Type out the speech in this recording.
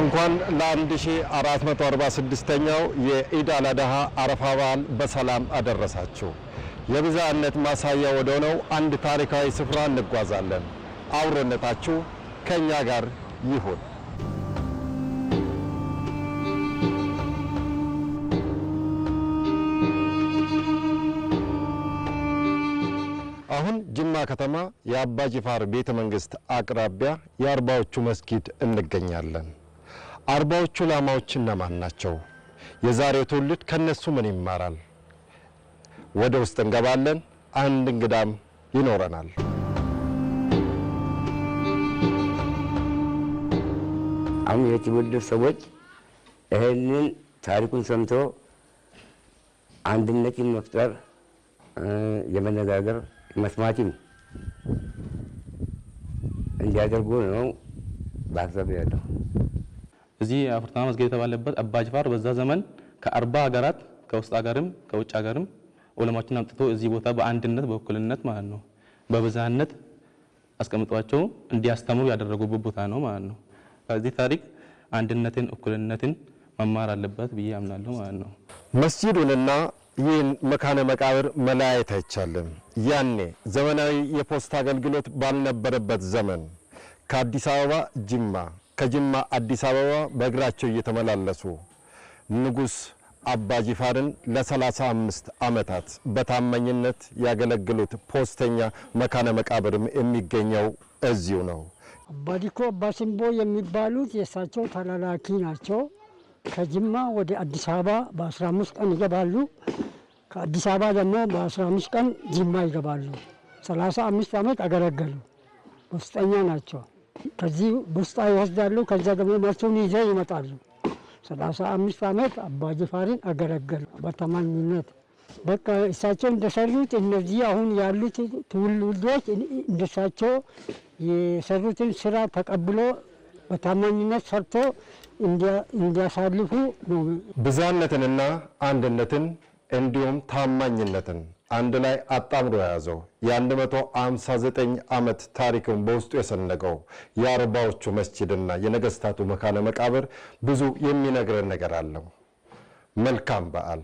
እንኳን ለ1446ኛው የኢድ አላዳሃ አረፋ በዓል በሰላም አደረሳችሁ። የብዝሃነት ማሳያ ወደ ሆነው አንድ ታሪካዊ ስፍራ እንጓዛለን። አብሮነታችሁ ከእኛ ጋር ይሁን። አሁን ጅማ ከተማ የአባ ጅፋር ቤተ መንግስት አቅራቢያ የአርባዎቹ መስጊድ እንገኛለን። አርባዎቹ ላማዎች እነማን ናቸው? የዛሬው ትውልድ ከነሱ ምን ይማራል? ወደ ውስጥ እንገባለን። አንድ እንግዳም ይኖረናል። አሁን የትውልድ ሰዎች ይህንን ታሪኩን ሰምቶ አንድነትን መፍጠር የመነጋገር መስማትም እንዲያደርጉ ነው በሀሳብ ያለው። እዚህ አፍሪካ መስጊድ የተባለበት አባጅፋር በዛ ዘመን ከአርባ ሀገራት ከውስጥ ሀገርም ከውጭ ሀገርም ዑለማዎችን አምጥቶ እዚህ ቦታ በአንድነት በእኩልነት ማለት ነው በብዛነት አስቀምጧቸው እንዲያስተምሩ ያደረጉበት ቦታ ነው ማለት ነው። ከዚህ ታሪክ አንድነትን፣ እኩልነትን መማር አለበት ብዬ አምናለሁ ማለት ነው። መስጂዱንና ይህን መካነ መቃብር መለያየት አይቻልም። ያኔ ዘመናዊ የፖስታ አገልግሎት ባልነበረበት ዘመን ከአዲስ አበባ ጅማ ከጅማ አዲስ አበባ በእግራቸው እየተመላለሱ ንጉስ አባጂፋርን ለ35 ዓመታት በታማኝነት ያገለግሉት ፖስተኛ መካነ መቃብርም የሚገኘው እዚሁ ነው። አባዲኮ አባሲንቦ የሚባሉት የእሳቸው ተላላኪ ናቸው። ከጅማ ወደ አዲስ አበባ በ15 ቀን ይገባሉ። ከአዲስ አበባ ደግሞ በ15 ቀን ጅማ ይገባሉ። 35 ዓመት አገለገሉ። ፖስተኛ ናቸው። ከዚህ ውስጣ ይወስዳሉ። ከዚያ ደግሞ መርቱን ይዘ ይመጣሉ። ሰላሳ አምስት ዓመት አባጅፋርን አገለገሉ በታማኝነት። በቃ እሳቸው እንደሰሩት እነዚህ አሁን ያሉት ትውልዶች እንደሳቸው የሰሩትን ስራ ተቀብሎ በታማኝነት ሰርቶ እንዲያሳልፉ ነው። ብዛነትንና አንድነትን እንዲሁም ታማኝነትን አንድ ላይ አጣምሮ የያዘው የ159 ዓመት ታሪክን በውስጡ የሰነቀው የአርባዎቹ መስጂድና የነገስታቱ መካነ መቃብር ብዙ የሚነግረን ነገር አለው። መልካም በዓል